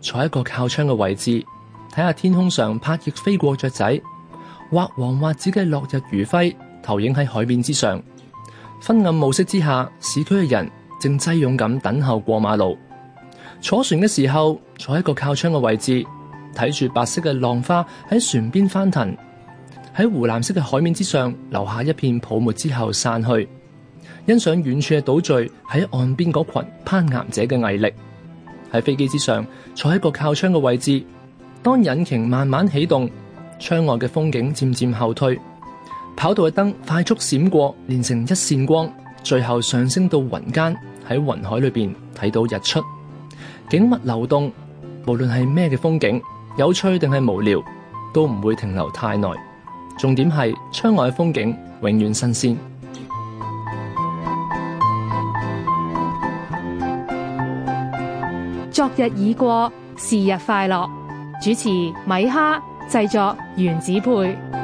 坐喺一個靠窗嘅位置，睇下天空上拍翼飛過雀仔，畫黃畫紫嘅落日餘暉投影喺海面之上。昏暗模式之下，市區嘅人正擠擁咁等候過馬路。坐船嘅時候，坐喺一個靠窗嘅位置，睇住白色嘅浪花喺船邊翻騰，喺湖藍色嘅海面之上留下一片泡沫之後散去，欣賞遠處嘅島嶼，喺岸邊嗰群攀岩者嘅毅力。喺飛機之上坐喺個靠窗嘅位置，當引擎慢慢啟動，窗外嘅風景漸漸後退，跑道嘅燈快速閃過，連成一綫光，最後上升到雲間，喺雲海裏邊睇到日出，景物流動，無論係咩嘅風景，有趣定係無聊，都唔會停留太耐，重點係窗外嘅風景永遠新鮮。昨日已過，是日快樂。主持米哈，製作原子配。